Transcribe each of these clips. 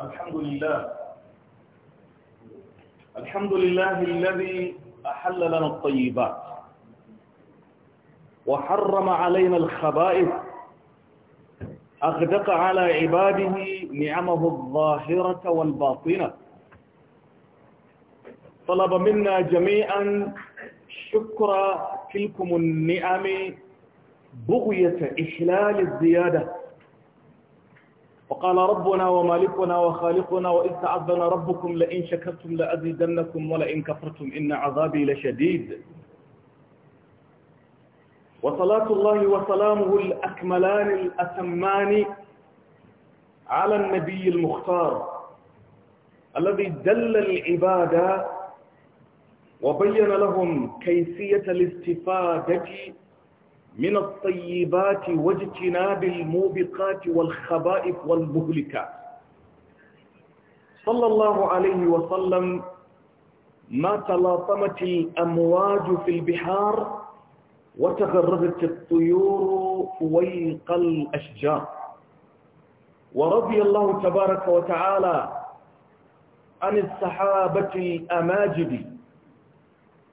الحمد لله الحمد لله الذي أحل لنا الطيبات وحرم علينا الخبائث أغدق على عباده نعمه الظاهرة والباطنة طلب منا جميعا شكر تلكم النعم بغية إحلال الزيادة وقال ربنا ومالكنا وخالقنا وإذ تعذنا ربكم لئن شكرتم لأزيدنكم ولئن كفرتم إن عذابي لشديد وصلاة الله وسلامه الأكملان الأتمان على النبي المختار الذي دل العباد وبين لهم كيفية الاستفادة من الطيبات واجتناب الموبقات والخبائف والمهلكات صلى الله عليه وسلم ما تلاطمت الأمواج في البحار وتغرغت الطيور فويق الأشجار ورضي الله تبارك وتعالى عن الصحابة الأماجد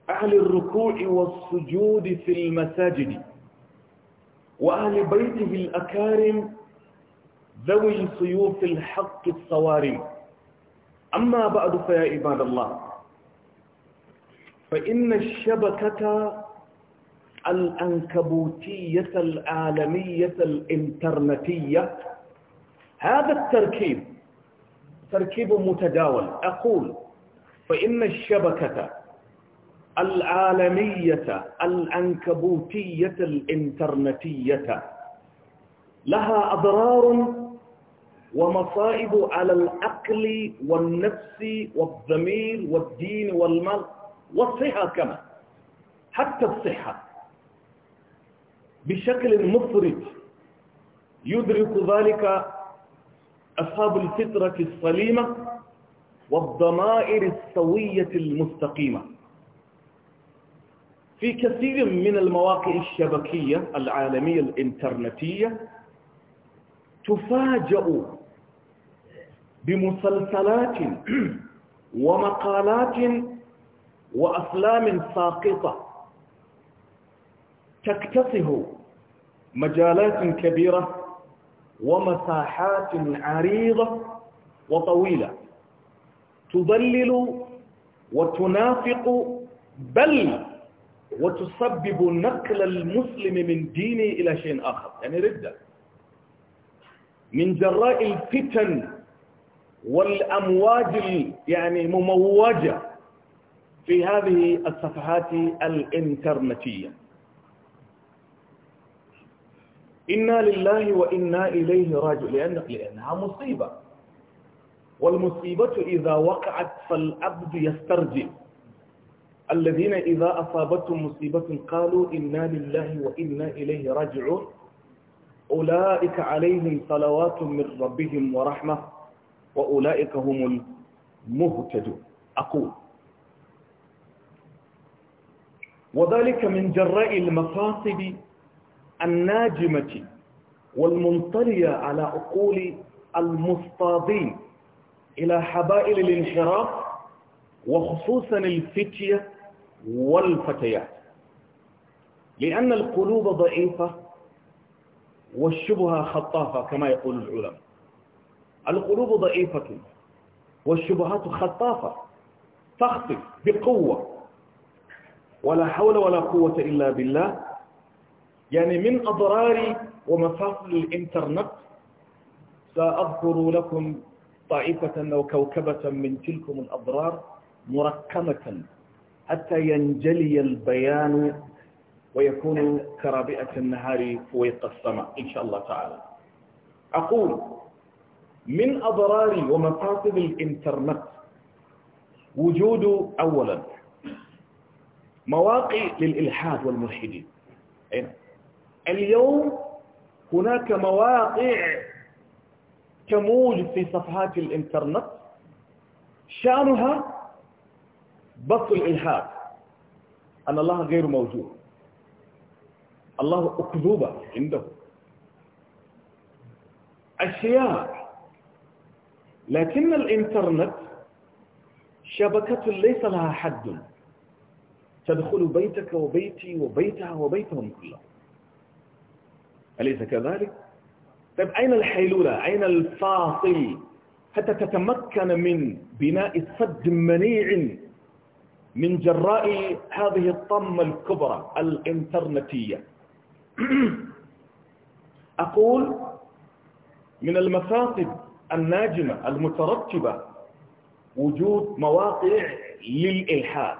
أهل الركوع والسجود في المساجد وأهل بيته الأكارم ذوي صيوف الحق الصوارم أما بعد فيا عباد الله فإن الشبكة الأنكبوتية العالمية الإنترنتية هذا التركيب تركيب متداول أقول فإن الشبكة العالمية الأنكبوتية الإنترنتية لها أضرار ومصائب على العقل والنفس والضمير والدين والمال والصحة كما حتى الصحة بشكل مفرط يدرك ذلك أصحاب الفطرة السليمة والضمائر السوية المستقيمة في كثير من المواقع الشبكية العالمية الإنترنتية تفاجأ بمسلسلات ومقالات وأفلام ساقطة تكتسح مجالات كبيرة ومساحات عريضة وطويلة تضلل وتنافق بل وتسبب نقل المسلم من دينه إلى شيء آخر يعني ردة من جراء الفتن والأمواج يعني مموجة في هذه الصفحات الإنترنتية إنا لله وإنا إليه راجع لأن لأنها مصيبة والمصيبة إذا وقعت فالعبد يسترجي الذين إذا أصابتهم مصيبة قالوا إنا لله وإنا إليه راجعون أولئك عليهم صلوات من ربهم ورحمة وأولئك هم المهتدون أقول وذلك من جراء المصائب الناجمة والمنطلية على عقول المصطادين إلى حبائل الانحراف وخصوصا الفتية والفتيات لأن القلوب ضعيفة والشبهة خطافة كما يقول العلماء القلوب ضعيفة والشبهات خطافة تخطف بقوة ولا حول ولا قوة إلا بالله يعني من أضرار ومفاصل الإنترنت سأذكر لكم طائفة أو كوكبة من تلكم الأضرار مركمة حتى ينجلي البيان ويكون كرابئة النهار فويق السماء إن شاء الله تعالى أقول من أضرار ومقاصد الإنترنت وجود أولا مواقع للإلحاد والملحدين اليوم هناك مواقع تموج في صفحات الإنترنت شأنها بطل الإلحاد أن الله غير موجود الله أكذوبة عنده أشياء لكن الإنترنت شبكة ليس لها حد تدخل بيتك وبيتي وبيتها وبيتهم كلهم أليس كذلك؟ طيب أين الحيلولة؟ أين الفاصل؟ حتى تتمكن من بناء سد منيع من جراء هذه الطمة الكبرى الإنترنتية أقول من المفاقد الناجمة المترتبة وجود مواقع للإلحاد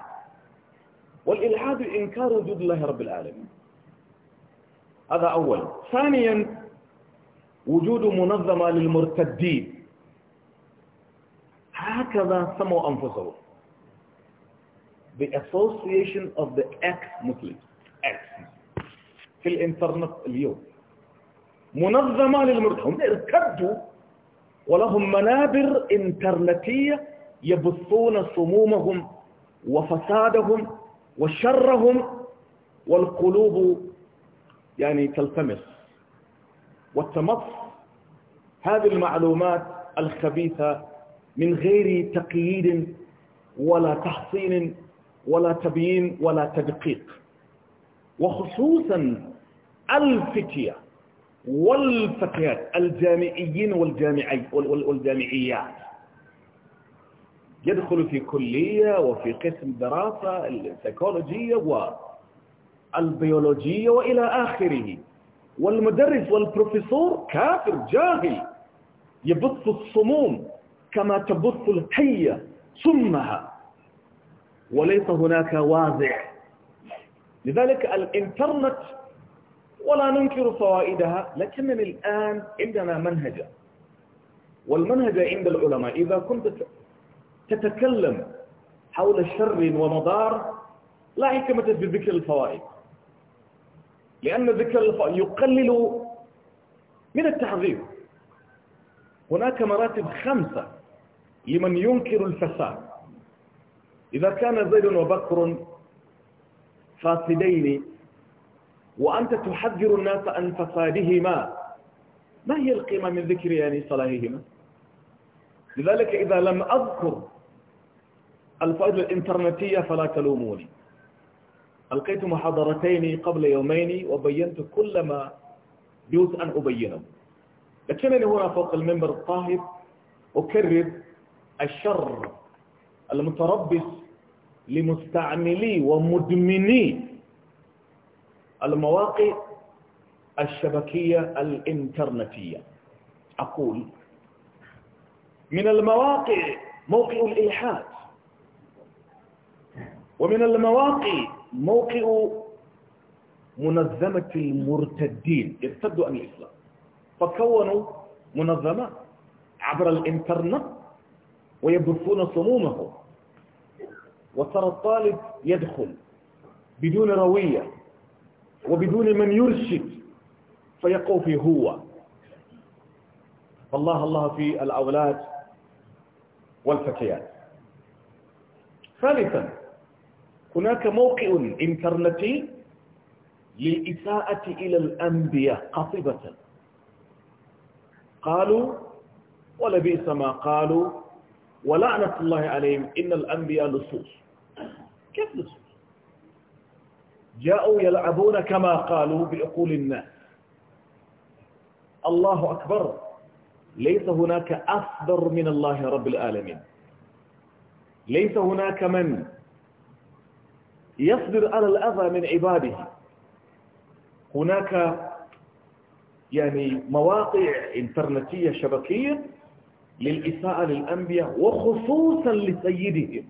والإلحاد إنكار وجود الله رب العالمين هذا أول ثانيا وجود منظمة للمرتدين هكذا سموا أنفسهم the association of the ex-Muslims ex في الانترنت اليوم منظمة للمرتد هم ارتدوا ولهم منابر انترنتية يبثون صمومهم وفسادهم وشرهم والقلوب يعني تلتمس والتمص هذه المعلومات الخبيثة من غير تقييد ولا تحصين ولا تبيين ولا تدقيق وخصوصا الفتية والفتيات الجامعيين والجامعي والجامعيات يدخل في كلية وفي قسم دراسة السيكولوجية والبيولوجية وإلى آخره والمدرس والبروفيسور كافر جاهل يبث الصموم كما تبث الحية سمها وليس هناك وازع لذلك الانترنت ولا ننكر فوائدها من الآن عندنا منهجة والمنهج عند العلماء إذا كنت تتكلم حول شر ومضار لا حكمة في ذكر الفوائد لأن ذكر الفوائد يقلل من التحذير هناك مراتب خمسة لمن ينكر الفساد إذا كان زيد وبكر فاسدين وأنت تحذر الناس عن فسادهما ما هي القيمة من ذكر يعني صلاحهما لذلك إذا لم أذكر الفائدة الإنترنتية فلا تلوموني ألقيت محاضرتين قبل يومين وبينت كل ما جوز أن أبينه لكنني هنا فوق المنبر الطاهر أكرر الشر المتربص لمستعملي ومدمني المواقع الشبكية الإنترنتية أقول من المواقع موقع الإلحاد ومن المواقع موقع منظمة المرتدين ارتدوا عن الإسلام فكونوا منظمة عبر الإنترنت ويبثون صمومهم وترى الطالب يدخل بدون روية وبدون من يرشد فيقع في هو الله الله في الأولاد والفتيات ثالثا هناك موقع إنترنتي للإساءة إلى الأنبياء قصبة قالوا ولبئس ما قالوا ولعنة الله عليهم إن الأنبياء لصوص كيف نسوا جاءوا يلعبون كما قالوا بعقول الناس الله أكبر ليس هناك اصبر من الله رب العالمين ليس هناك من يصبر على الأذى من عباده هناك يعني مواقع انترنتية شبكية للإساءة للأنبياء وخصوصا لسيدهم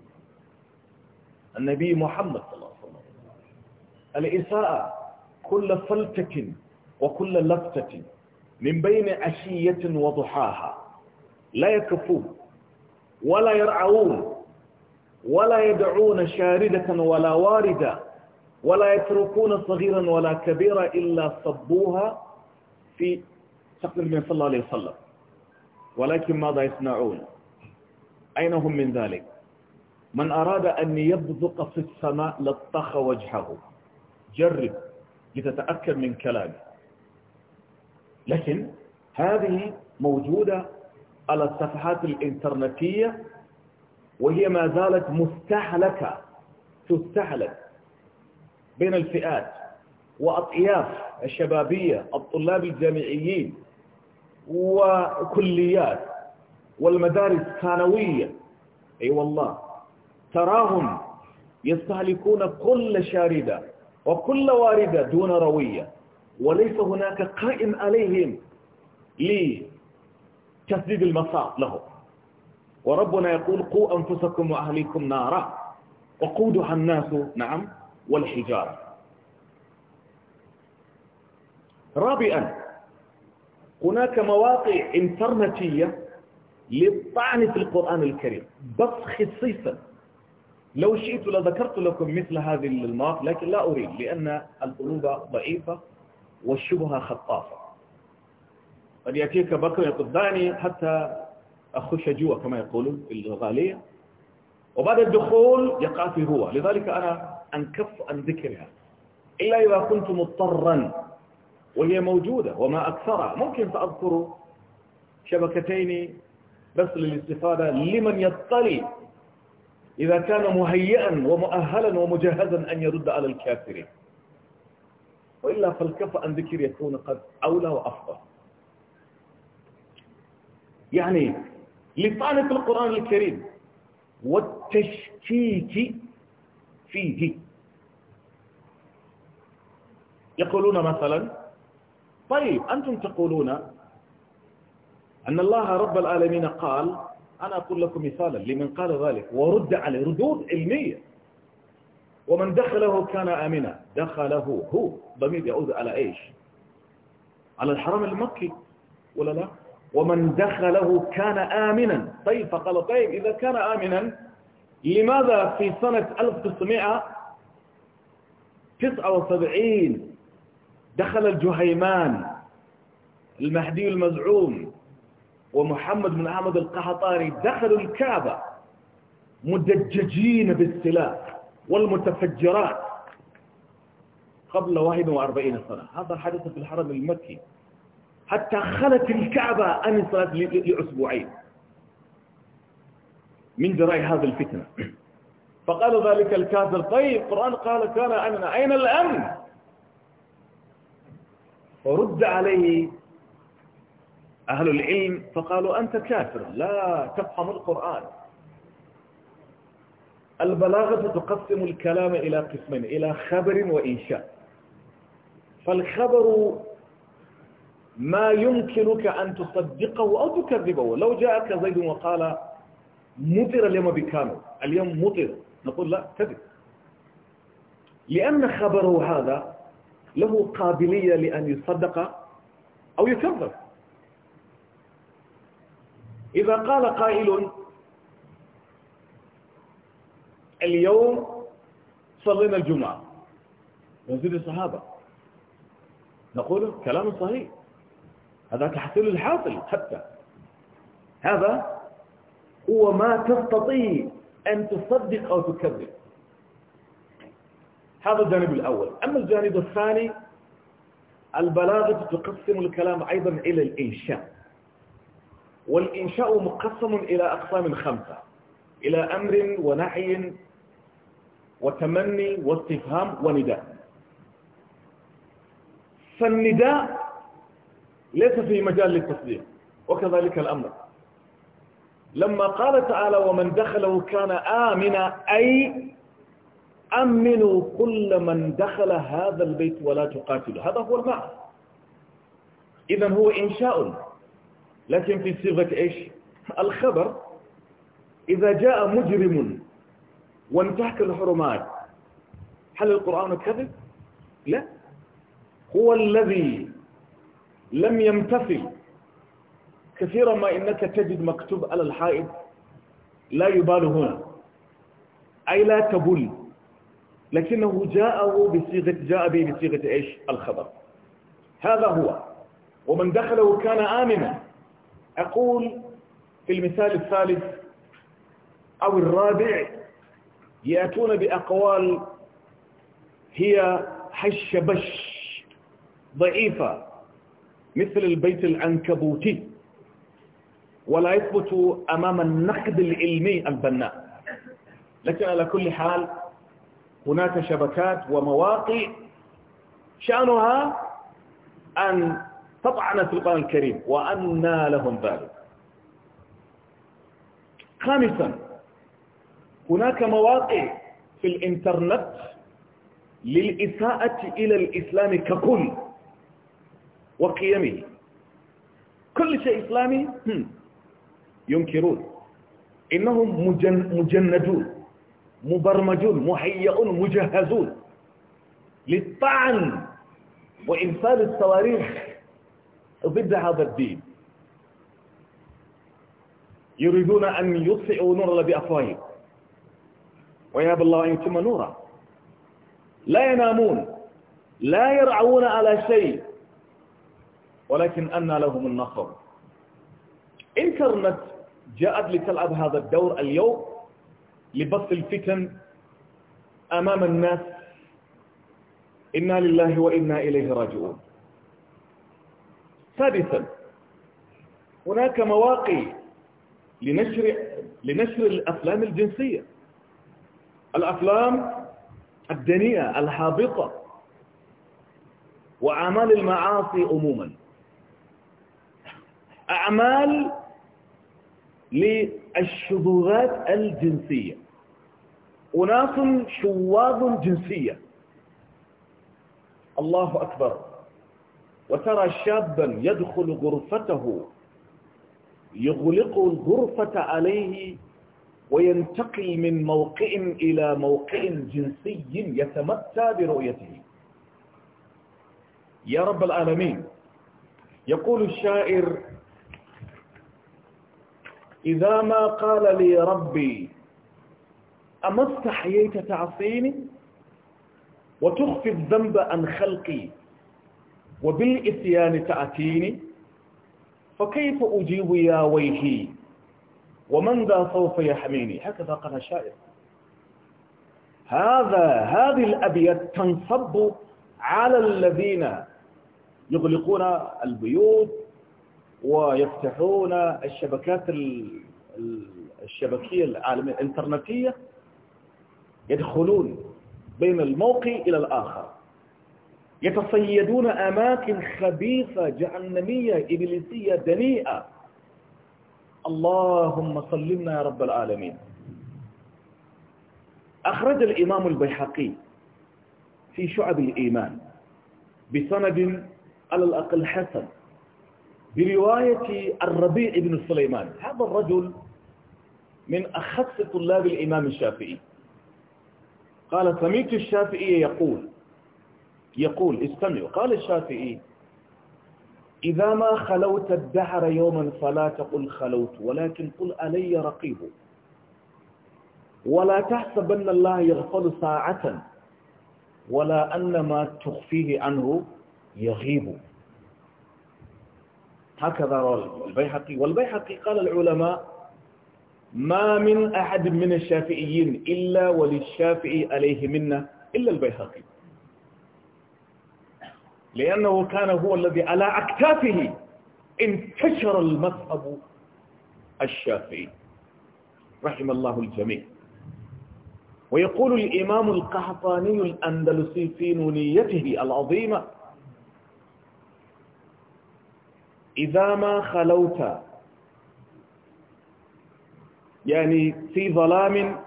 النبي محمد صلى الله عليه وسلم الإساءة كل فلتة وكل لفتة من بين عشية وضحاها لا يكفون ولا يرعون ولا يدعون شاردة ولا واردة ولا يتركون صغيرا ولا كبيرا إلا صبوها في شخص النبي صلى الله عليه وسلم ولكن ماذا يصنعون أين هم من ذلك من أراد أن يبزق في السماء لطخ وجهه جرب لتتأكد من كلامي لكن هذه موجودة على الصفحات الإنترنتية وهي ما زالت مستهلكة تستهلك بين الفئات وأطياف الشبابية الطلاب الجامعيين وكليات والمدارس الثانوية أي أيوة والله تراهم يستهلكون كل شاردة وكل واردة دون روية وليس هناك قائم عليهم لتسديد المساط لهم وربنا يقول قوا أنفسكم وأهليكم نارا وقودها الناس نعم والحجارة رابعا هناك مواقع انترنتية للطعن في القرآن الكريم بس خصيصا لو شئت لذكرت لكم مثل هذه المواقف لكن لا أريد لأن القلوب ضعيفة والشبهة خطافة قد يأتيك بكر داني حتى أخش جوا كما يقولون الغالية وبعد الدخول يقع في هو لذلك أنا أنكف عن ذكرها إلا إذا كنت مضطرا وهي موجودة وما أكثرها ممكن سأذكر شبكتين بس للاستفادة لمن يطلي إذا كان مهيئا ومؤهلا ومجهزا أن يرد على الكافرين وإلا فالكفى عن ذكر يكون قد أولى وأفضل يعني لطالب القرآن الكريم والتشكيك فيه يقولون مثلا طيب أنتم تقولون أن الله رب العالمين قال أنا أقول لكم مثالا لمن قال ذلك ورد عليه ردود علمية ومن دخله كان آمنا دخله هو ضمير يعود على إيش على الحرم المكي ولا لا ومن دخله كان آمنا طيب فقال طيب إذا كان آمنا لماذا في سنة 1979 دخل الجهيمان المهدي المزعوم ومحمد بن أحمد القحطاني دخلوا الكعبة مدججين بالسلاح والمتفجرات قبل 41 سنة هذا حدث في الحرم المكي حتى خلت الكعبة عن الصلاة لأسبوعين من جراء هذا الفتنة فقال ذلك الكافر طيب القرآن قال كان أمنا أين الأمن فرد عليه أهل العلم فقالوا أنت كافر لا تفهم القرآن البلاغة تقسم الكلام إلى قسمين إلى خبر وإنشاء فالخبر ما يمكنك أن تصدقه أو تكذبه لو جاءك زيد وقال مطر اليوم بكامل اليوم مطر نقول لا كذب لأن خبره هذا له قابلية لأن يصدق أو يكذب إذا قال قائل اليوم صلينا الجمعة نزيد الصحابة نقول كلام صحيح هذا تحصيل الحاصل حتى هذا هو ما تستطيع أن تصدق أو تكذب هذا الجانب الأول أما الجانب الثاني البلاغة تقسم الكلام أيضا إلى الإنشاء والإنشاء مقسم إلى أقسام خمسة إلى أمر ونحي وتمني واستفهام ونداء فالنداء ليس في مجال للتصديق وكذلك الأمر لما قال تعالى ومن دخله كان آمنا أي أمنوا كل من دخل هذا البيت ولا تقاتلوا هذا هو المعنى إذا هو إنشاء لكن في صيغة إيش الخبر إذا جاء مجرم وانتهك الحرمات هل القرآن كذب لا هو الذي لم يمتثل كثيرا ما إنك تجد مكتوب على الحائط لا يبال هنا أي لا تبل لكنه جاءه بصيغة جاء به بصيغة إيش الخبر هذا هو ومن دخله كان آمنا أقول في المثال الثالث أو الرابع يأتون بأقوال هي حش بش ضعيفة مثل البيت العنكبوتي ولا يثبت أمام النقد العلمي البناء لكن على كل حال هناك شبكات ومواقع شأنها أن طبعا في القرآن الكريم وأنى لهم ذلك خامسا هناك مواقع في الإنترنت للإساءة إلى الإسلام ككل وقيمه كل شيء إسلامي ينكرون إنهم مجن مجندون مبرمجون مهيئون مجهزون للطعن وإنسان الصواريخ ضد هذا الدين يريدون أن يطفئوا نور الله بأفواههم ويهب الله أن يتم نورا لا ينامون لا يرعون على شيء ولكن أنى لهم النصر انترنت جاءت لتلعب هذا الدور اليوم لبث الفتن أمام الناس إنا لله وإنا إليه راجعون ثالثا هناك مواقع لنشر, لنشر الأفلام الجنسية الأفلام الدنيئة الحابطة وأعمال المعاصي عموما أعمال للشذوذات الجنسية أناس شواذ جنسية الله أكبر وترى شابا يدخل غرفته يغلق الغرفة عليه وينتقل من موقع إلى موقع جنسي يتمتع برؤيته يا رب العالمين يقول الشاعر إذا ما قال لي ربي أما استحييت تعصيني وتخفي الذنب عن خلقي وبالإتيان تأتيني فكيف أجيب يا ويهي ومن ذا سوف يحميني هكذا قال الشاعر هذا هذه الأبيات تنصب على الذين يغلقون البيوت ويفتحون الشبكات الشبكية العالمية الانترنتية يدخلون بين الموقع إلى الآخر يتصيدون أماكن خبيثة جهنمية إبليسية دنيئة اللهم صلمنا يا رب العالمين أخرج الإمام البيحقي في شعب الإيمان بسند على الأقل حسن برواية الربيع بن سليمان هذا الرجل من أخص طلاب الإمام الشافعي قال سميت الشافعي يقول يقول استمعوا قال الشافعي إذا ما خلوت الدهر يوما فلا تقل خلوت ولكن قل علي رقيب ولا تحسبن الله يغفل ساعة ولا أن ما تخفيه عنه يغيب هكذا روى البيحقي والبيحقي قال العلماء ما من أحد من الشافعيين إلا وللشافعي عليه منا إلا البيحقي لأنه كان هو الذي على أكتافه انتشر المذهب الشافعي رحم الله الجميع ويقول الإمام القحطاني الأندلسي في نونيته العظيمة إذا ما خلوت يعني في ظلام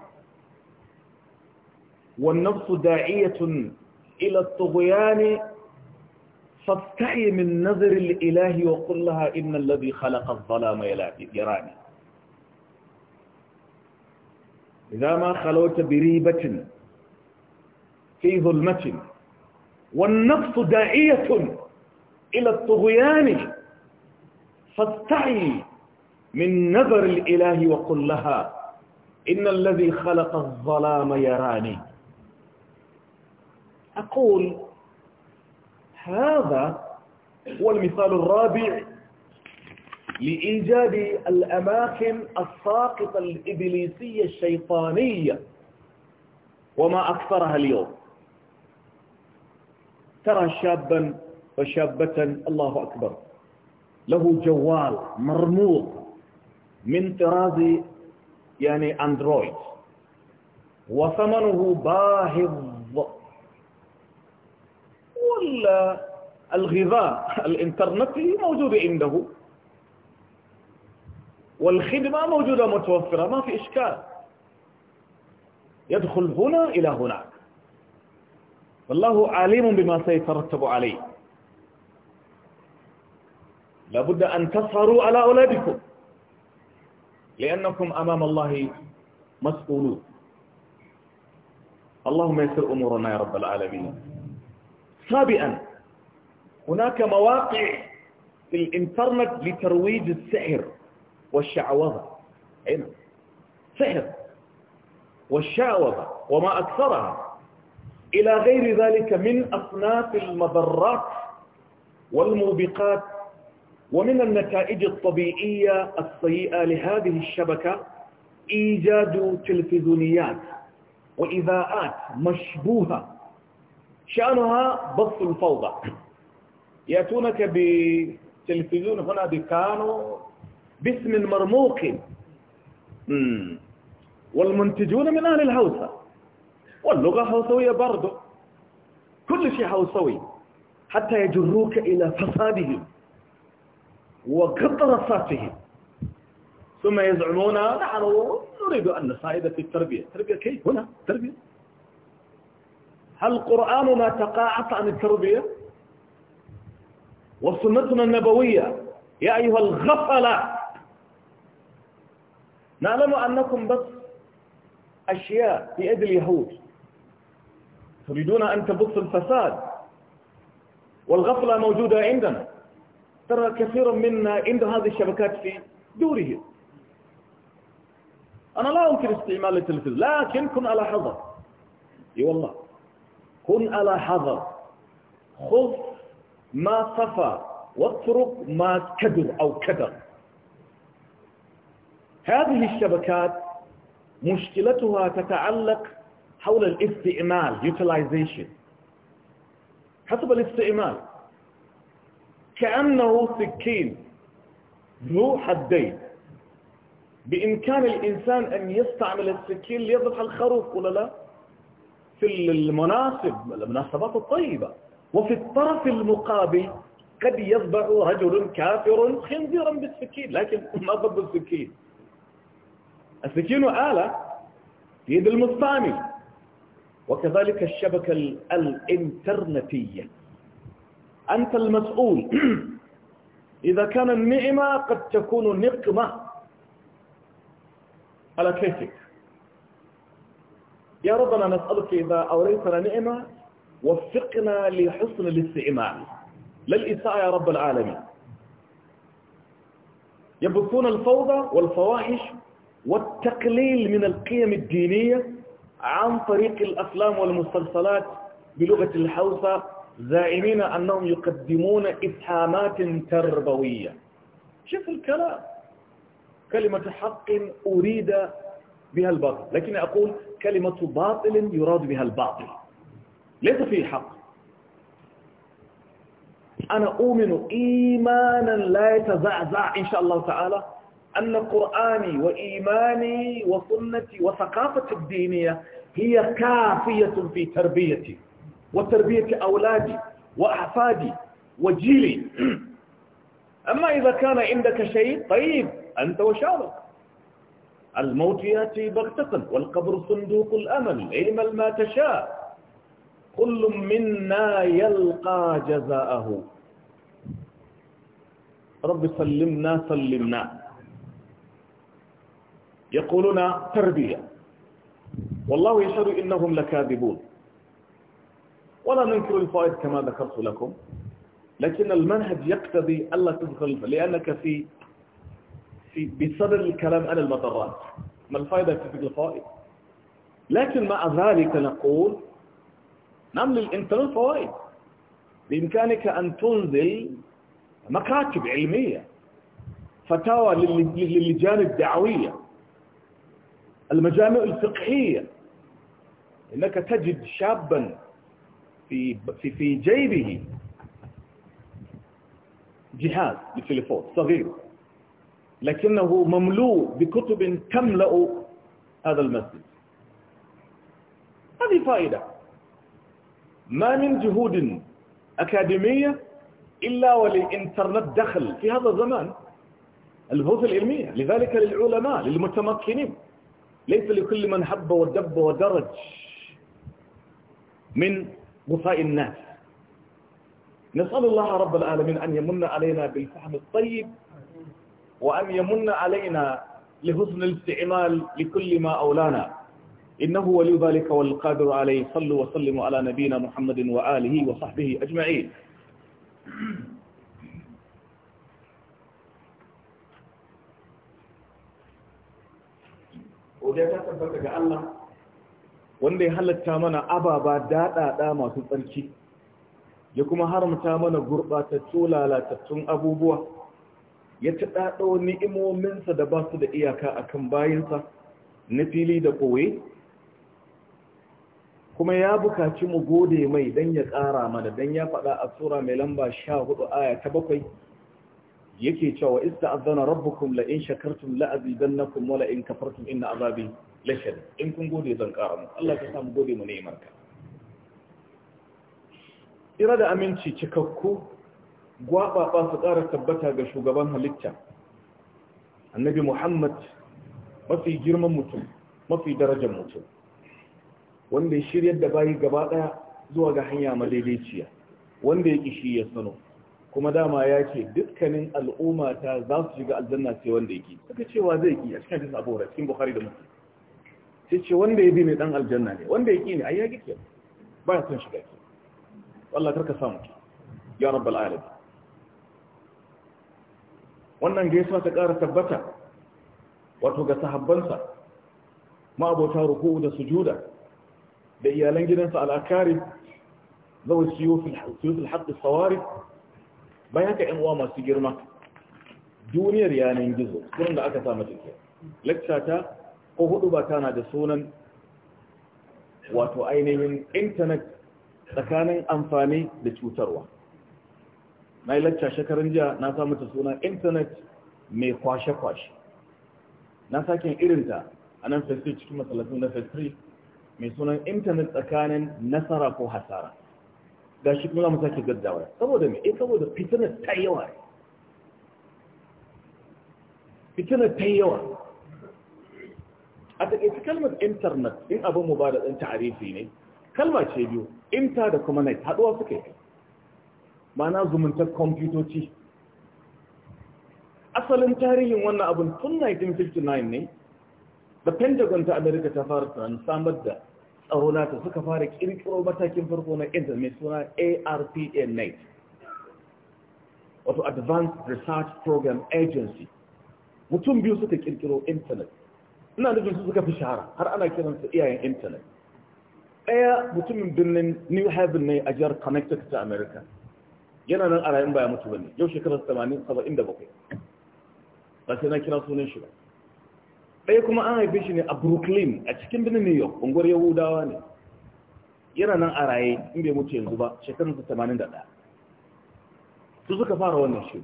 والنفس داعية إلى الطغيان فاستحي من نظر الإله وقل لها إن الذي خلق الظلام يراني إذا ما خلوت بريبة في ظلمة والنفس داعية إلى الطغيان فاستعي من نظر الإله وقل لها إن الذي خلق الظلام يراني أقول هذا هو المثال الرابع لإيجاد الأماكن الساقطة الإبليسية الشيطانية وما أكثرها اليوم ترى شابا وشابة الله أكبر له جوال مرموق من طراز يعني أندرويد وثمنه باهظ الغذاء الانترنت موجود عنده والخدمة موجودة متوفرة ما في إشكال يدخل هنا إلى هناك والله عالم بما سيترتب عليه لابد أن تسهروا على أولادكم لأنكم أمام الله مسؤولون اللهم يسر أمورنا يا رب العالمين سابقا هناك مواقع في الانترنت لترويج السحر والشعوذة هنا سحر والشعوذة وما أكثرها إلى غير ذلك من أصناف المضرات والموبقات ومن النتائج الطبيعية السيئة لهذه الشبكة إيجاد تلفزيونيات وإذاءات مشبوهة شأنها بث الفوضى يأتونك بتلفزيون هنا بكانو باسم مرموق والمنتجون من أهل الهوسة واللغة هوسوية برضو كل شيء هوسوي حتى يجروك إلى فسادهم وقطرساتهم ثم يزعمون نحن نريد أن نساعد في التربية تربية كيف هنا تربية هل القرآن ما تقاعس عن التربية وسنتنا النبوية يا أيها الغفلة نعلم أنكم بس أشياء في يد اليهود تريدون أن تبثوا الفساد والغفلة موجودة عندنا ترى كثيرا منا عند هذه الشبكات في دوره أنا لا أنكر استعمال التلفزيون لكنكم على حذر اي والله كن على حذر خذ ما صفى واترك ما كدر أو كدر هذه الشبكات مشكلتها تتعلق حول الاستئمال utilization حسب الاستئمال كأنه سكين ذو حدين بإمكان الإنسان أن يستعمل السكين ليذبح الخروف ولا لا في المناسب المناسبات الطيبة وفي الطرف المقابل قد يضبع رجل كافر خنزيرا بالسكين لكن ما ضب السكين السكين آلة في يد المصطامي وكذلك الشبكة الانترنتية أنت المسؤول إذا كان النعمة قد تكون نقمة على كيفك يا ربنا نسألك إذا أوليتنا نعمة وفقنا لحسن الاستعمال لا الإساءة يا رب العالمين يبثون الفوضى والفواحش والتقليل من القيم الدينية عن طريق الأفلام والمسلسلات بلغة الحوثة زائمين أنهم يقدمون إسهامات تربوية شوف الكلام كلمة حق أريد بها الباطل لكن أقول كلمة باطل يراد بها الباطل ليس فيه حق أنا أؤمن إيمانا لا يتزعزع إن شاء الله تعالى أن قرآني وإيماني وسنتي وثقافتي الدينية هي كافية في تربيتي وتربية أولادي وأحفادي وجيلي أما إذا كان عندك شيء طيب أنت وشارك الموت يأتي بغتة والقبر صندوق الأمل علم ما تشاء كل منا يلقى جزاءه رب سلمنا سلمنا يقولون تربية والله يشهد إنهم لكاذبون ولا ننكر الفائد كما ذكرت لكم لكن المنهج يقتضي ألا تدخل لأنك في في بصدر الكلام عن المضرات ما الفائدة في الفوائد لكن مع ذلك نقول نعمل الانترنت فوائد بإمكانك أن تنزل مكاتب علمية فتاوى للجان الدعوية المجامع الفقهية إنك تجد شابا في, في, في جيبه جهاز لتليفون صغير لكنه مملوء بكتب تملأ هذا المسجد هذه فائدة ما من جهود أكاديمية إلا وللإنترنت دخل في هذا الزمان البحوث العلمية لذلك للعلماء للمتمكنين ليس لكل من حب ودب ودرج من غفاء الناس نسأل الله رب العالمين أن يمن علينا بالفهم الطيب وأن يمن علينا لحسن الاستعمال لكل ما أولانا إنه ولي ذلك والقادر عليه صل وسلم على نبينا محمد وآله وصحبه أجمعين wanda ya halatta mana ababa daɗaɗa masu tsarki ya kuma haramta mana gurɓatattu lalatattun abubuwa ya ci ɗaɗo ni'imominsa da ba su da iyaka a kan bayansa na fili da ɓoye kuma ya bukaci mu gode mai don ya ƙara mana don ya faɗa a tsura mai lamba sha hudu aya ta bakwai yake cewa ista azana rabbukum la in shakartum la na wala in kafartum inna azabi la in kun gode zan ƙara mu Allah ka samu gode mu ne marka ira da aminci cikakku gwaɓaɓa su ƙara tabbata ga shugaban halitta annabi muhammad mafi girman mutum mafi darajar mutum wanda ya shiryar da bayi gaba ɗaya zuwa ga hanya madaidaiciya wanda ya kishi ya sano kuma dama ya ce dukkanin al'umma ta za su shiga aljanna sai wanda yake suka cewa zai ki a cikin hadisi abu hurairah cikin bukhari da muslim sai ce wanda ya bi ne dan aljanna ne wanda yake ne ai ya gike ba ya son shiga ki Allah karka samu ya rabbal alamin wannan gaisuwa ta ƙara tabbata wato ga sahabbansa ma'abota ruku da sujuda da iyalan gidansa al'akari siyo siyofin haɗin sawari bayan ka uwa masu girma duniyar yanar gizo sunan da aka samu take lakta ta ko hudu ba tana da sunan wato ainihin intanet tsakanin amfani da cutarwa na yi lacca shekarun jiya na samu ta suna intanet mai kwashe-kwashe na sake irinta a nan fesiri cikin masalatu na fesiri mai sunan intanet tsakanin nasara ko hasara ga shi kuma mu sake gaddawa saboda mai eh saboda fitinar ta yawa fitinar ta yawa a taƙaice kalmar intanet in abin mu ba da ɗan ta'arifi ne kalma ce biyu inta da kuma net haɗuwa suka yi ma'ana zumuntar kwamfutoci asalin tarihin wannan abin tun 1959 ne da pentagon ta amerika ta fara tunanin samar da tsaro suka fara kirkiro matakin farko na internet suna arpa net wato advanced research program agency mutum biyu suka kirkiro intanet ina nufin su suka fi shahara har ana kiransu iyayen intanet ɗaya mutumin birnin new haven ne a jihar connecticut ta america yana nan a rayun baya mutu bane yau shekarar inda bakwai. ba sai na kira sunan shi ba ɗaya kuma an haife shi ne a brooklyn a cikin birnin new york unguwar yahudawa ne yana nan a raye in bai mutu yanzu ba shekarar 81 su suka fara wannan shi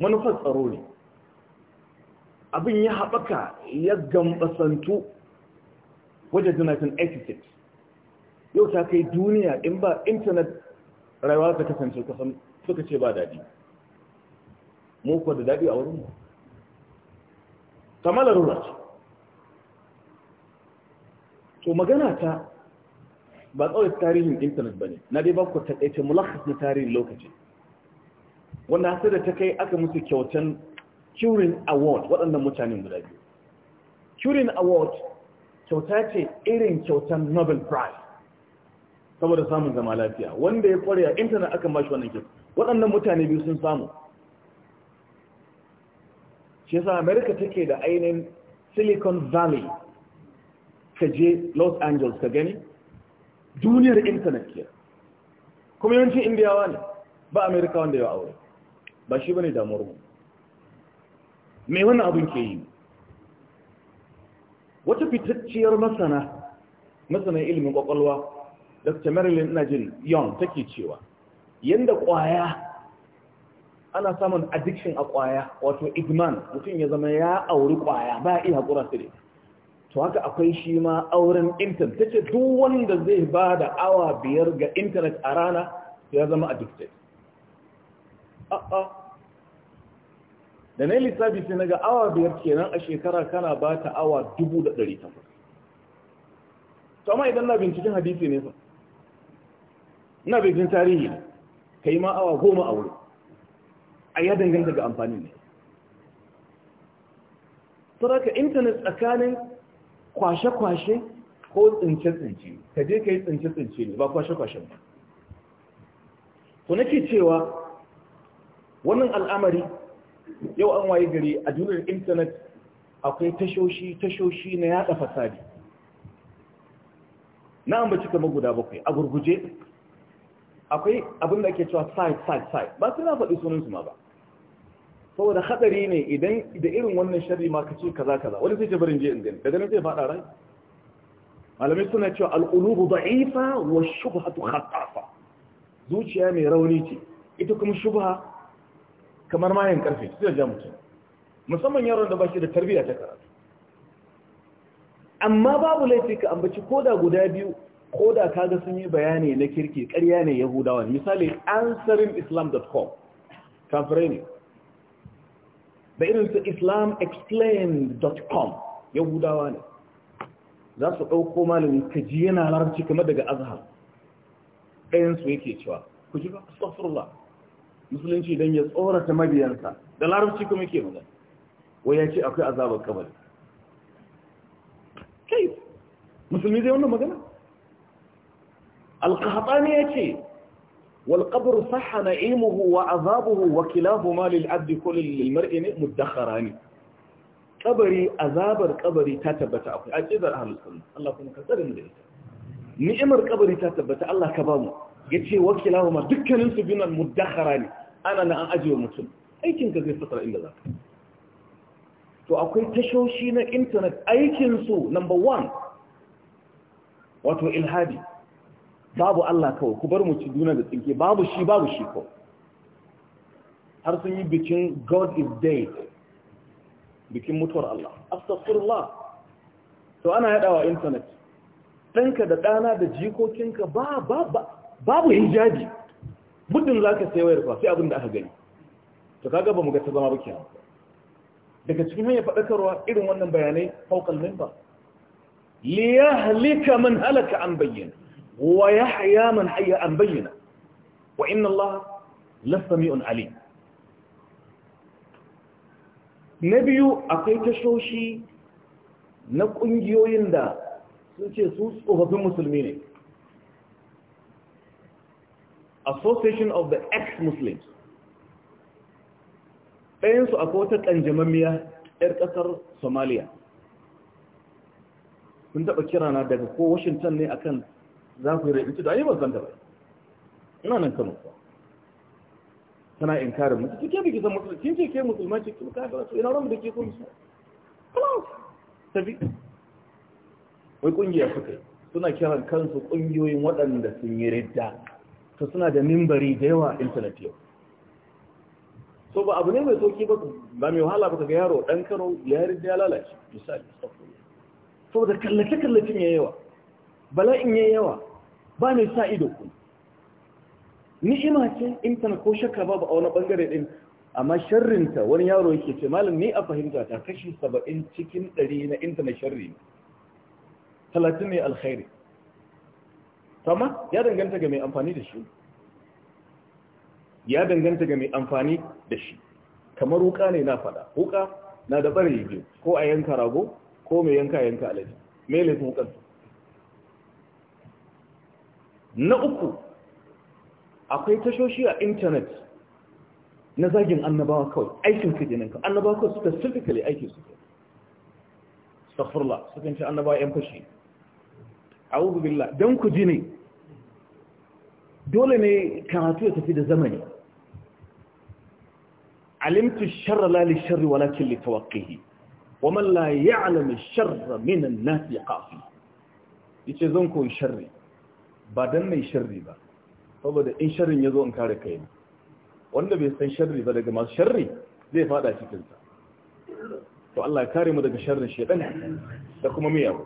manufar tsaro ne abin ya haɓaka ya gambasantu wajen 1986 yau ta kai duniya in ba intanet rayuwa ta kasance kusan suka ce ba daɗi mu kuwa da daɗi a wurin mu. larura ce to magana ta ba tsawai tarihin intanet ba ne na dai ba ta ɗaice mulakas na tarihin lokaci wanda hasa da ta kai aka musu kyautan curing award waɗannan mutanen guda biyu curing award kyauta ce irin kyautan nobel prize saboda samun zama lafiya wanda ya kware a intanet akan bashi wannan kyau. waɗannan mutane biyu sun samu shi yasa amerika take da ainihin silicon valley ka je los angeles ka gani duniyar intanet ke kuma yawancin indiyawa ne ba Amerika wanda ya aure ba shi bane damuwar mu me wannan abin ke yi wata fitacciyar masana masana ilimin kwakwalwa dr marilyn ina jin yon take cewa yadda kwaya ana samun addiction a kwaya wato igman mutum ya zama ya auri kwaya ba iya haƙura su ne to haka akwai shi ma auren intan ta ce duk wanda zai ba da awa biyar ga intanet a rana ya zama addicted a'a da na yi lissafi sai na ga awa biyar kenan a shekara kana ba ta awa dubu da ɗari takwas to amma idan na binciken hadisi ne sun ina bai jin tarihi ne kai ma awa goma a wuri a ya danganta ga amfani ne saraka intanet tsakanin kwashe-kwashe ko tsince-tsince ka je ka yi tsince-tsince ne ba kwashe-kwashe ba to nake cewa wannan al'amari yau an waye gari a duniyar intanet akwai tashoshi-tashoshi na yada fasadi na ambaci kamar guda bakwai a gurguje akwai abin da ake cewa side side side ba sai na faɗi sunansu ma ba saboda hadari ne idan da irin wannan shari ma kace kaza kaza wani sai jabarin je in gani daga nan sai faɗa rai malamai suna cewa alqulubu da'ifa wa shubhatu khatafa zuciya mai rauni ce ita kuma shubha kamar mayan karfe sai ja mutum musamman yaron da ba shi da tarbiyya ta karatu amma babu laifi ka ambaci koda guda biyu ko da kaga sun yi bayani na kirki ƙarya ne yahudawa misali answeringislam.com kamfare ne da irin su islamexplained.com yahudawa ne za su ɗauko malamin kaji yana larabci kamar daga azhar ɗayansu yake cewa ku ji ba astagfirullah musulunci don ya tsorata mabiyansa da larabci kuma yake magana wai ya ce akwai azabar kamar. kai musulmi zai wannan magana alƙahatsani ya ce walƙabar saha na ilmuhu wa azabuhu wa kilahu ma ko lilmar ne muddakara ne kabari azabar ƙabari ta tabbata akwai a ƙidar halittun Allah kuma ka tsarin da ita ni'imar ƙabari ta tabbata Allah ka ba mu ya ce wa kilahu ma dukkanin su binan muddakara ne ana na an ajiye mutum Aikinka zai fasara inda za ka to akwai tashoshi na intanet aikinsu number one wato ilhadi babu Allah kawai ku bar mu ci duna da tsinke babu shi babu shi ko har sun yi bikin God is dead bikin mutuwar Allah astaghfirullah to ana yadawa internet ɗanka da ɗana da jikokinka ba ba ba babu hijabi muddin zaka sai wayar fa sai abin da aka gani to kaga ba ga ta zama ba kenan daga cikin hanyar faɗakarwa irin wannan bayanai fawqal minbar liyahlika man halaka an bayyana ويحيى من حي أن بينا وإن الله لسميع عليم na biyu akwai tashoshi na ƙungiyoyin da sun ce su tsofaffin musulmi ne association of the ex-muslims Ɗayansu akwai wata ƙanjamammiya 'yar ƙasar Somaliya. sun taɓa kirana daga ko washington ne akan za ku yi rai da ayi ban san ba ina nan kano kuwa tana inkarin mutu ke biki san musulmi kin ce ke musulma ce kin kaga su ina ran da ke kun su tafi wai kungiya suka yi suna kiran kansu kungiyoyin waɗanda sun yi ridda to suna da mimbari da yawa internet yau so ba abu ne mai soki ba ba mai wahala ba ga yaro dan karo ya ridda ya lalace misali saboda kallace kallacin yayi yawa bala'in yayi yawa ba mai sa ido ku ni'ima ce in tana ko shakka ba a wani bangare din amma sharrinta wani yaro yake ce malam ni a fahimta ta kashi saba'in cikin ɗari na intanet sharri ne talatin ne alkhairi Sama ya danganta ga mai amfani da shi ya danganta ga mai amfani da shi kamar wuka ne na fada wuka na da ɓare biyu ko a yanka rago ko mai yanka yanka alaji mai laifin wukansu na uku akwai tashoshi a intanet na zagin annabawa kawai aikin kajinan ka annabawa kawai specifically aikin su kai stafurla sukan ce annabawa yan fashi a billah don ku ji ne dole ne karatu ya tafi da zamani alimtu sharra la li sharri walakin li tawaqqihi wa man la ya'lamu sharra min an-nas yaqafi yace zan koyi sharri ba dan mai sharri ba saboda in sharrin ya zo in kare kai ne wanda bai san sharri ba daga masu sharri zai fada cikinsa, to Allah ya kare mu daga sharrin shedan da kuma miyawu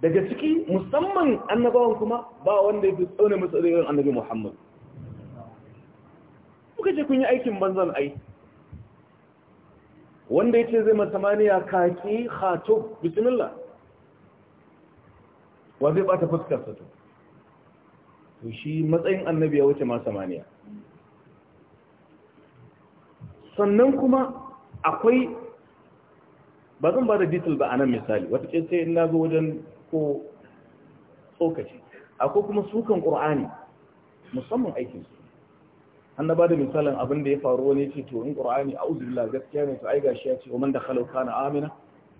daga ciki musamman annabawan kuma ba wanda ya fi tsaunin matsalolin annabi Muhammad kuka ce kun yi aikin banzan ai wanda ya ce zai masamaniya kaki hato, bismillah wa zai bata fuskar sa to to shi matsayin annabi ya wuce ma samaniya sannan kuma akwai ba zan ba da detail ba a nan misali wata ce sai in na zo wajen ko tsokaci akwai kuma sukan ƙur'ani musamman aikin su an ba da misalin abin da ya faru wani ce to in ƙur'ani a gaskiya ne to ai gashi ya ce wa man da kana amina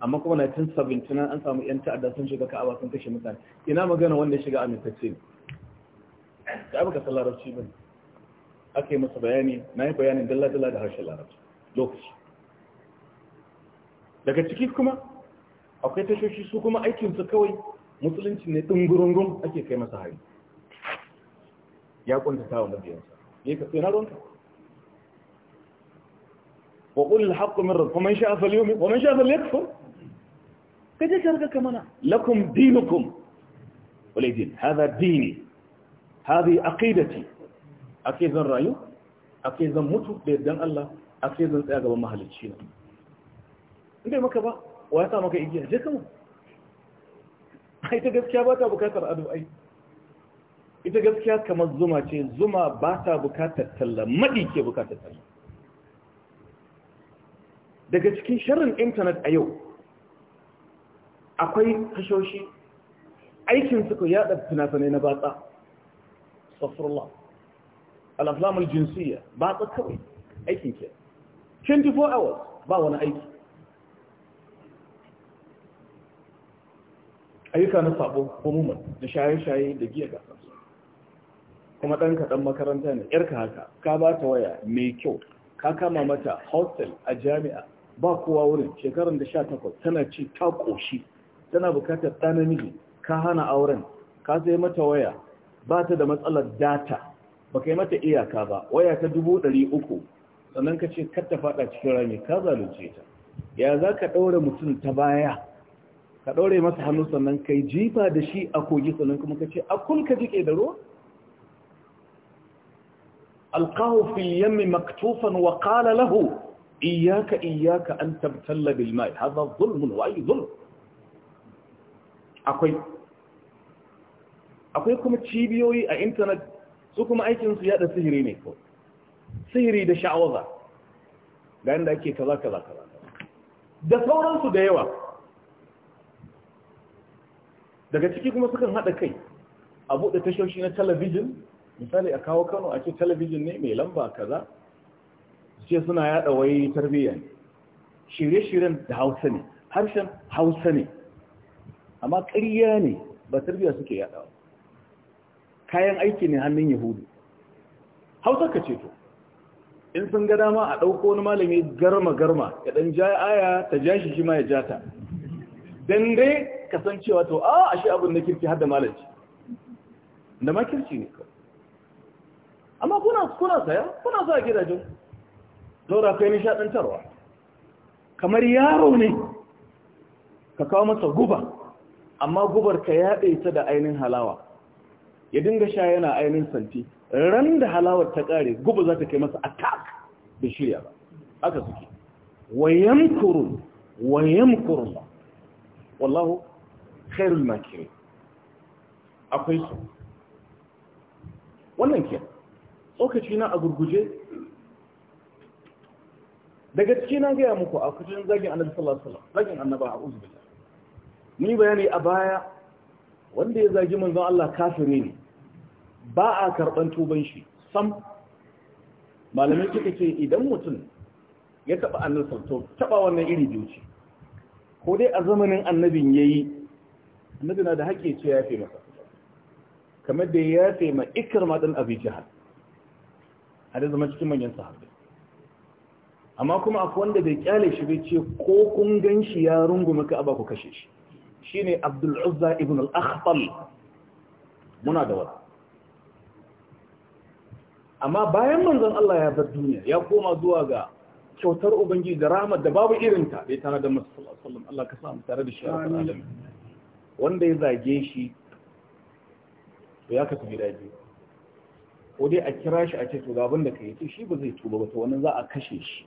amma kuma 1979 an samu 'yan ta'adda sun shiga ka'aba sun kashe mutane ina magana wanda shiga amintacce ne da abu ka larabci ba ne aka yi masa bayani na yi bayanin dalla-dalla da harshen larabci lokaci daga ciki kuma akwai tashoshi su kuma aikinsu kawai musulunci ne ɗungurungun ake kai masa hari ya kuntata wa mabiyansa ne ka sai na ruwanka wa ƙulil haƙƙo min rasu kuma sha asali wa min asali ya kafin ka je ka rika mana lakum dinukum walai din hadha dini hadhi aqidati ake zan rayu ake zan mutu da yardan Allah ake zan tsaya gaban mahalicci na inda maka ba wa ya sa maka igiya je kama ai ta gaskiya ba ta bukatar ado ai ita gaskiya kamar zuma ce zuma ba ta bukatar talla Madi ke bukatar talla daga cikin sharrin intanet a yau akwai tashoshi aikin suka yada fina-finai na batsa safirullah al'aflamul jinsiyya batsa kawai aikin ke 24 hours ba wani aiki ayyuka na sabo umuman da shaye-shaye da giya gasa kuma ɗan kaɗan makaranta ne ka haka ka ba ta waya mai kyau ka kama mata hostel a jami'a ba kowa wurin shekarun da sha takwas tana ci ta ƙoshi tana bukatar ɗa ka hana auren ka sai mata waya ba ta da matsalar data ba ka yi mata iyaka ba waya ta dubu ɗari uku sannan ka ce kar ta faɗa cikin rami ka zalunce ta ya za ka ɗaure mutum ta baya ka ɗaure masa hannu sannan kai jifa da shi a kogi sannan kuma ka ce a ka jike da ruwa alƙahu fil yammi maktufan wa qala lahu iyaka iyaka an tabtalla bil ma'i hadha zulmun wa ay zulm akwai akwai kuma cibiyoyi a intanet su kuma aikinsu yada sihiri ne ko sihiri da sha'awaza ga yadda ake kaza kaza kaza da sauransu da yawa daga ciki kuma sukan haɗa kai a buɗe tashoshi na talabijin misali a kawo kano a ce talabijin ne mai lamba kaza ce suna yada wai tarbiyya ne shirye-shiryen da hausa ne harshen hausa ne amma ƙarya ne ba tarbiyya suke yaɗawa kayan aiki ne hannun yahudu hausa ka ce to in sun ga dama a ɗauko wani malami garma-garma ya ɗan ja aya ta ja shi shi ma ya ja ta don dai kasancewa to a ah, ashe abin na kirki har da malanci da ma kirki ne kawai amma kuna kuna saya kuna sa gidajen saura kai nishaɗantarwa kamar yaro ne ka kawo masa guba amma gubar ka ya ɗaisa da ainihin halawa ya dinga sha yana ainihin santi ran da halawar ta ƙare guba za ta kai masa attack da shirya ba aka suke wayan kurun wayan kurun ba wallahu khairul makirin akwai su wannan ke tsokaci na a gurguje daga cikin na gaya muku a kusurin zagin annabi sallallahu alaihi wasallam zagin annaba a uzubillah ni bayani a baya wanda ya zagi manzon Allah kafiri ne ba a karban tuban shi sam malamai suka ce idan mutum ya taba annabi to taba wannan iri biyu ce ko dai a zamanin annabin yayi annabi na da haƙƙi ce ya fi masa kamar da ya fi ma ikrama dan abi jahal har zaman cikin manyan sahabbai amma kuma akwai wanda bai kyale shi bai ce ko kun ganshi ya rungumi ka aba ku kashe shi shine Abdul Uzza ibn al-Akhtal muna da wasu. amma bayan manzon Allah ya bar duniya ya koma zuwa ga kyautar ubangi da Rahma da babu irin ta bai tare da Allah ka samu tare da shi wanda ya zage shi to ya kasu gida biyu ko dai a kira shi a ce to gaban da kai to shi ba zai tuba ba to wannan za a kashe shi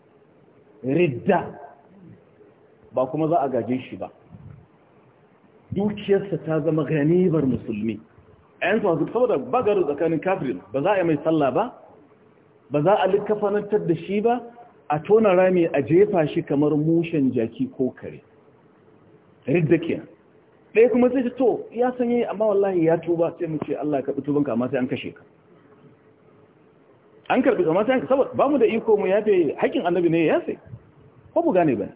ridda ba kuma za a gage shi ba dukiyarsa ta zama ganibar musulmi a yanzu masu saboda bagaru tsakanin kafirin ba za a yi mai sallah ba ba za a likafanantar da shi ba a tona rami a jefa shi kamar mushen jaki ko kare ridda ke ɗaya kuma sai to ya sanye amma wallahi ya tuba sai mu ce Allah ka karɓi tubanka amma sai an kashe ka an karɓi amma sai an saboda ba mu da iko mu ya fi haƙƙin annabi ne ya sai ko mu gane ba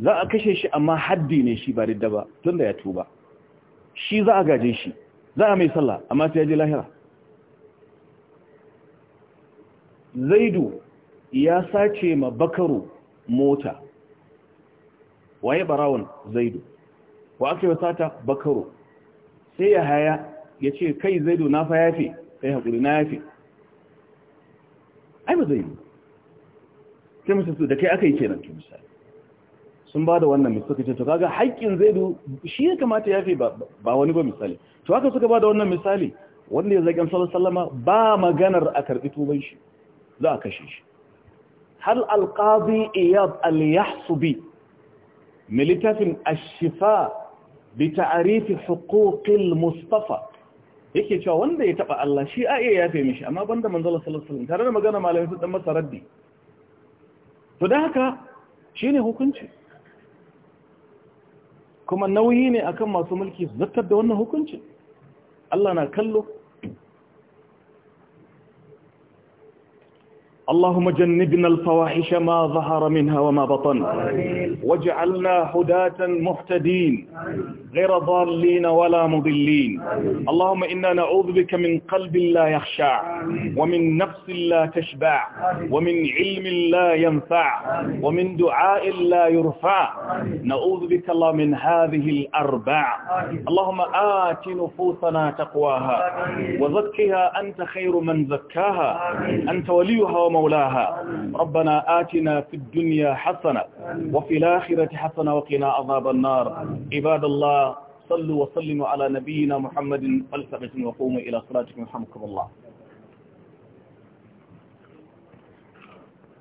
za a kashe shi amma haddi ne shi ba ridda ba tun da ya tuba shi za a gaje shi za a mai sallah amma sai ya je lahira zaidu ya sace ma bakaru mota waye barawon zaidu wa ake yi sata bakaru sai ya haya ya ce kai zaidu na fa yafe sai haƙuri na yafe ai ba zaidu sai mutum da kai aka yi kenan to misali sun ba da wannan misali to kaga haƙƙin zaidu shi ya kamata yafi ba wani ba misali to haka suka ba da wannan misali wanda ya zagin sallama ba maganar a karbi tuban shi za a kashe shi hal alqadi iyad alyahsubi yahsubi mai littafin ashifa bi ta'arifi huquqil mustafa yake cewa wanda ya taba Allah shi a iya yafe mishi amma banda manzo sallallahu alaihi wasallam tare da magana malamin su dan masa raddi to dan haka shine hukunci kuma nauyi ne akan masu mulki su zartar da wannan hukuncin Allah na kallo اللهم جنبنا الفواحش ما ظهر منها وما بطن واجعلنا هداة محتدين غير ضالين ولا مضلين اللهم إنا نعوذ بك من قلب لا يخشع ومن نفس لا تشبع ومن علم لا ينفع ومن دعاء لا يرفع نعوذ بك الله من هذه الأربع اللهم آت نفوسنا تقواها وزكها أنت خير من زكاها أنت وليها ومولاها مولاها ربنا آتنا في الدنيا حسنة وفي الآخرة حسنة وقنا عذاب النار عباد الله صلوا وسلموا على نبينا محمد فلسفة وقوموا إلى صلاتكم الحمد الله